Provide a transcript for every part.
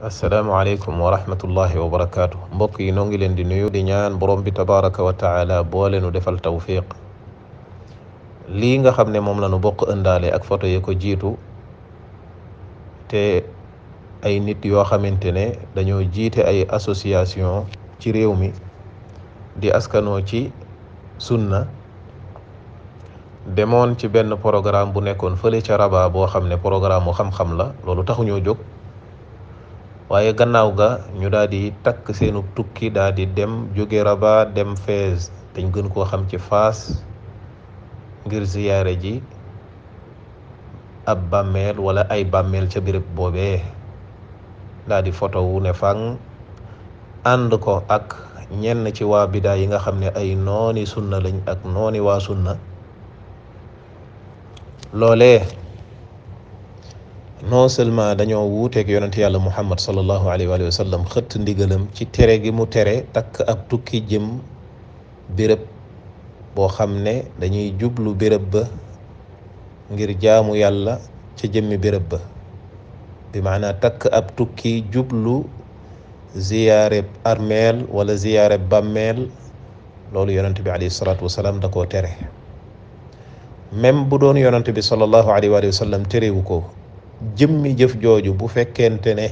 asalaamaaleykum wa rahmatullahi wa barakaatu mbokk yi noo ngi leen di nuyu di ñaan borom bi tabaraka wa taala boole nu defal tawfiq lii nga xam ne moom la nu bokk ëndaale ak photo yi ko jiitu te ay nit yoo xamante ne dañoo jiite ay association ci réew mi di askanoo ci sunna demoon ci benn programme bu nekkoon fële ca raba boo xam ne programme mu xam-xam la loolu taxuñoo jóg waaye gannaaw ga ñu daldi takk seenu tukki daal dem jóge Rabat dem Fès dañ gën koo xam ci fas ngir ziyaare ji ab bàmmeel wala ay bàmmeel ca béréb boobee daal di photo wu ne fang ànd ko ak ñenn ci waa bidaa yi nga xam ne ay nooni sunna lañ ak nooni waa sunna loolee non seulement dañoo wuuteeg yonent yàlla muhammad sallallahu alayhi wa sallam xëtt ndigalam ci tere gi mu tere takk ab tukki jëm béréb boo xam ne dañuy jublu béréb ba ngir jaamu yàlla ca jëmmi béréb ba bi maanaa takk ab tukki jublu ziyaareb armeel wala ziyaareb bàmmeel loolu yonent bi alayhi salaatu wasalaam da koo tere même bu doon yonent bi sallallahu alayhi wa sallam terewu ko jëmmi jëf jooju bu fekkente ne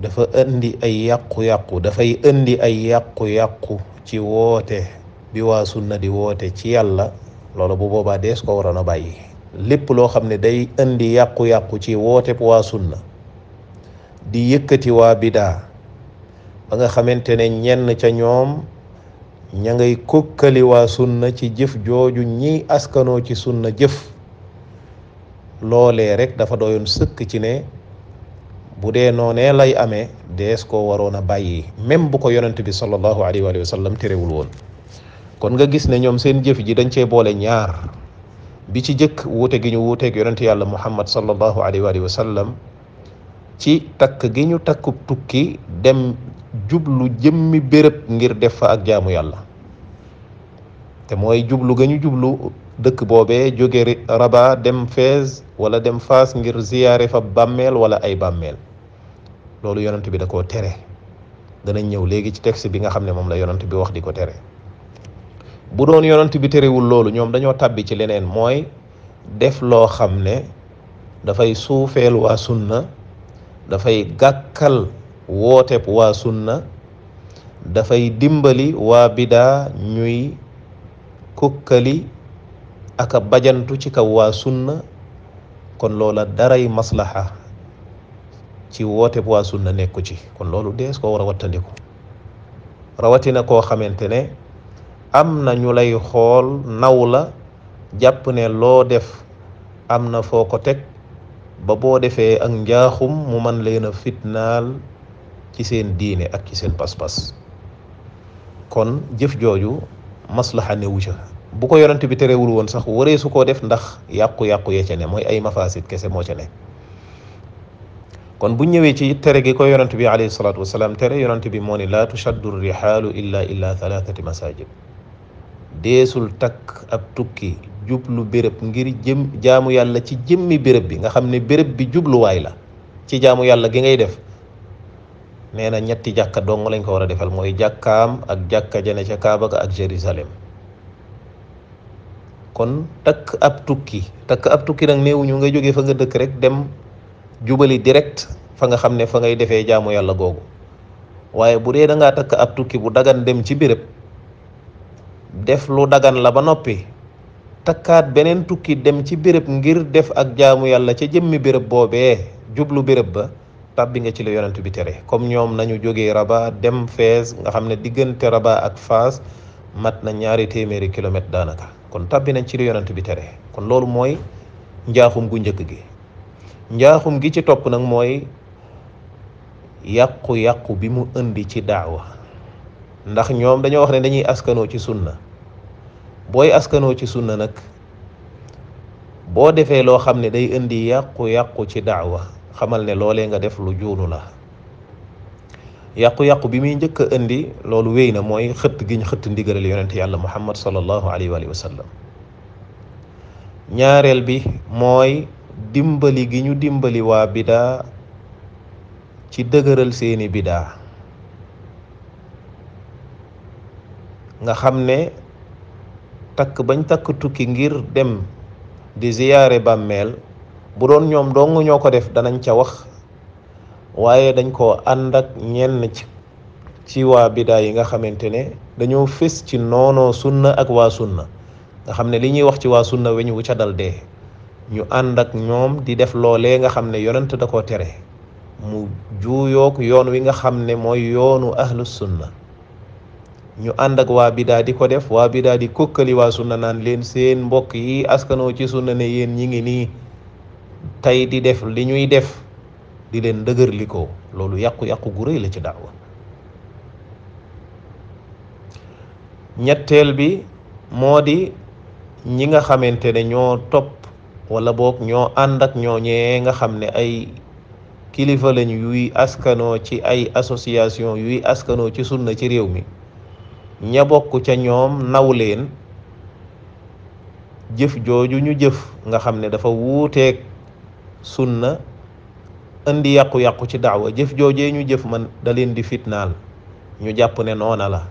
dafa indi ay yàqu-yàqu dafay indi ay yàqu-yàqu ci woote bi waa sunna di woote ci yàlla loolu bu boobaa dees ko waroon a bàyyi lépp loo xam ne day indi yàqu-yàqu ci woote bu waa sunna di yëkkati waa bidaa ba nga xamante ne ñenn ca ñoom ña ngay kokkali waa sunna ci jëf jooju ñiy askanoo ci sunna jëf loole rek dafa doyoon sëkk ci ne bu dee noonee lay amee dees koo waroon a bàyyi même bu ko yonent bi sallallahu alayhi wa sallam terewul woon kon nga gis ne ñoom seen jëf ji dañ cee boole ñaar bi ci jëkk wuute gi ñu wuuteeg yonent yàlla muhammad sallallahu alayhi wa sallam ci takk gi ñu takkub tukki dem jublu jëmmi béréb ngir def fa ak jaamu yàlla te mooy jublu ga ñu jublu dëkk boobee jóge raba dem Fès wala dem Faas ngir ziyaare fa bàmmeel wala ay bàmmeel loolu yonent bi da koo tere danañ ñëw léegi ci texte bi nga xam ne moom la yonent bi wax di ko tere bu doon yonent bi terewul loolu ñoom dañoo tàbbi ci leneen mooy def loo xam ne dafay suufeel waa sunna dafay gàkkal wooteb waa sunna dafay dimbali waa bidaa ñuy kukkali aka bajantu ci kaw waa sunna kon loola daray maslaxa ci woote bu waa sunna nekku ci kon loolu dees koo war a wattandiku rawatina koo xamante ne am na ñu lay xool naw la jàpp ne loo def am na foo ko teg ba boo defee ak njaaxum mu man leen a fitnaal ci seen diine ak ci seen pas-pas kon jëf jooju maslaxa newu ca bu ko yonent bi terewul woon sax waree su koo def ndax yàqu-yàqu yee ca ne mooy ay mafasid kese moo ca ne kon bu ñëwee ci tere gi ko yonent bi alayhi salaatu wasalaam tere yonent bi moo ne laa tushaddu rihaalu ila illa thalathati masajid deesul takk ab tukki jublu béréb ngir jëm jaamu yàlla ci jëmmi béréb bi nga xam ne béréb bi jubluwaay la ci jaamu yàlla gi ngay def nee na ñetti jàkka dong lañ ko war a defal mooy jàkkaam ak jàkka jane ca Kaaba ak Jérusalem kon takk ab tukki takk ab tukki nag néewuñu nga jógee fa nga dëkk rek dem jubali direct fa nga xam ne fa ngay defee jaamu yàlla googu waaye bu dee da ngaa takk ab tukki bu dagan dem ci béréb def lu dagan la ba noppi takkaat beneen tukki dem ci béréb ngir def ak jaamu yàlla ca jëmmi béréb boobee jublu béréb ba tàbbi nga ci la yonent bi tere comme ñoom nañu jóge Rabat dem Fès nga xam ne diggante Rabat ak Fès mat na ñaari téeméeri kilomètre daanaka kon tàbbi nañ ci li yonent bi tere kon loolu mooy njaaxum gu njëkk gi njaaxum gi ci topp nag mooy yàqu-yàqu bi mu indi ci daawa ndax ñoom dañoo wax ne dañuy askanoo ci sunna booy askanoo ci sunna nag boo defee loo xam ne day indi yàqu-yàqu ci daawa xamal ne loolee nga def lu juunu la yàqu-yàqu bi muy njëkk a indi loolu wéy na mooy xëtt gi ñu xëtt ndigalal yonent yàlla muhammad sallallahu alayhi wa sallam ñaareel bi mooy dimbali gi ñu dimbali waa bidaa ci dëgëral seeni bidaa nga xam ne takk bañ takk tukki ngir dem di ziyaare bàmmeel bu doon ñoom dong ñoo ko def danañ ca wax waaye dañ koo ànd ak ñenn ci ci waa bidaa yi nga xamante ne dañoo fés ci noonoo sunna ak waa sunna nga xam ne li ñuy wax ci waa sunna weñ ca dal dee ñu ànd ak ñoom di def loolee nga xam ne yonent da ko tere mu juuyook yoon wi nga xam ne mooy yoonu ahlu sunna ñu ànd ak waa bidaa di ko def waa bidaa di kokkali waa sunna naan leen seen mbokk yi askanoo ci sunna ne yéen ñi ngi nii tey di def li ñuy def di leen dëgër loolu yàqu-yàqu gu la ci daawa ñetteel bi moo di ñi nga xamante ne ñoo topp wala boog ñoo ànd ak ñooñee nga xam ne ay kilifa lañ yuy askanoo ci ay association yuy askanoo ci sunna ci réew mi ña bokk ca ñoom naw leen jëf jooju ñu jëf nga xam ne dafa wuuteeg sunna indi yàqu-yàqu ci daawa jëf joojee ñu jëf man da leen di fitnaal ñu jàpp ne noona la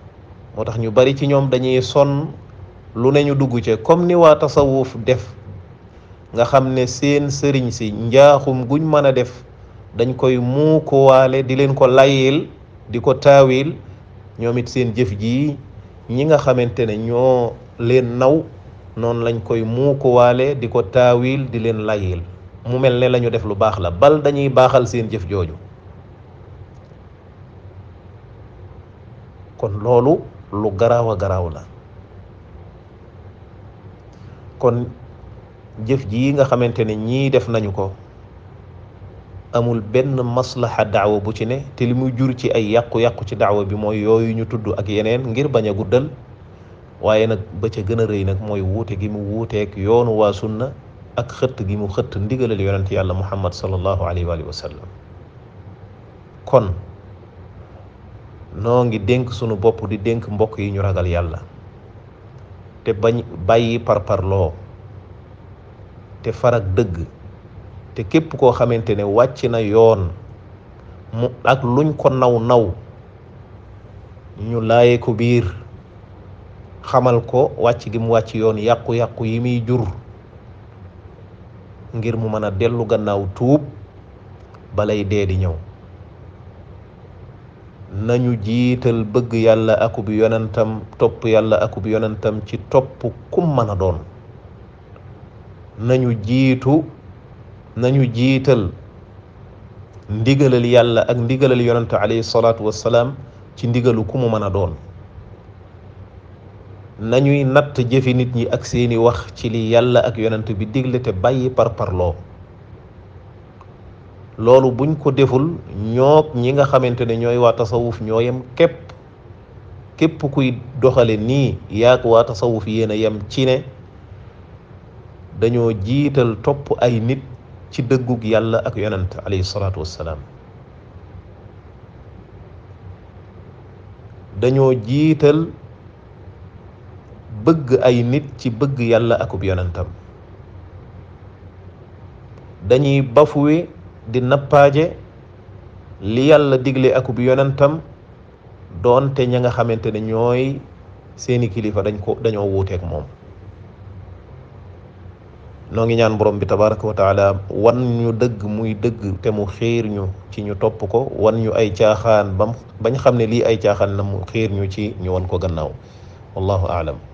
moo tax ñu bari ci ñoom dañuy sonn lu ne ñu dugg ca comme ni waa tasawuf def nga xam ne seen sëriñ si njaaxum guñ mën a def dañ koy muukuwaale di leen ko layil di ko taawil ñoom it seen jëf jii ñi nga xamante ne ñoo leen naw noonu lañ koy muukuwaale di ko taawil di leen layyil mu mel ne lañu def lu baax la bal dañuy baaxal seen jëf jooju kon loolu lu garaaw a garaaw la kon jëf ji nga xamante ne ñii def nañu ko amul benn maslaxa daawa bu ci ne te li muy jur ci ay yàqu-yàqu ci daawa bi mooy yooyu ñu tudd ak yeneen ngir bañ a guddal waaye nag ba ca gën a rëy nag mooy wuute gi mu wuuteeg yoonu waa sunna ak xëtt gi mu xëtt ndigalal yonent yàlla muhammad sallallahu alayhi wa sallam kon noo ngi dénk sunu bopp di dénk mbokk yi ñu ragal yàlla te bañ bàyyi parparloo te farak dëgg te képp koo xamante ne wàcc na yoon mu ak luñ ko naw naw ñu laaye ko biir xamal ko wàcc gi mu wàcc yoon yàqu-yàqu yi muy jur ngir mu mën a dellu gannaaw tuub balay dee di ñëw nañu jiital bëgg yàlla akub yonentam topp yàlla akub yonentam ci topp kum mën a doon nañu jiitu nañu jiital ndigalal yàlla ak ndigalal yonent alayhi salaatu wassalaam ci ndigalu ku mu mën a doon nañuy natt jëfi nit ñi ak seeni wax ci li yàlla ak yonent bi digle te bàyyi par parloo loolu buñ ko deful ñoog ñi nga xamante ne ñooy waa tasawuf ñoo yem képp kuy doxale nii yaag waa tasawuf yéen yem ci ne dañoo jiital topp ay nit ci dëgguk yàlla ak yonent alayhi wassalaam dañoo jiital bëgg ay nit ci bëgg yàlla akub yonentam dañuy bafuwe di nappaaje li yàlla digle akub yonentam doonte ña nga xamante ne ñooy seeni kilifa dañ ko dañoo wuuteeg moom noo ngi ñaan borom bi tabaraka wa wan ñu dëgg muy dëgg te mu xiir ñu ci ñu topp ko wan ñu ay caaxaan bam bañ xam ne lii ay caaxaan la mu xiir ñu ci ñu wan ko gannaaw wallahu aalam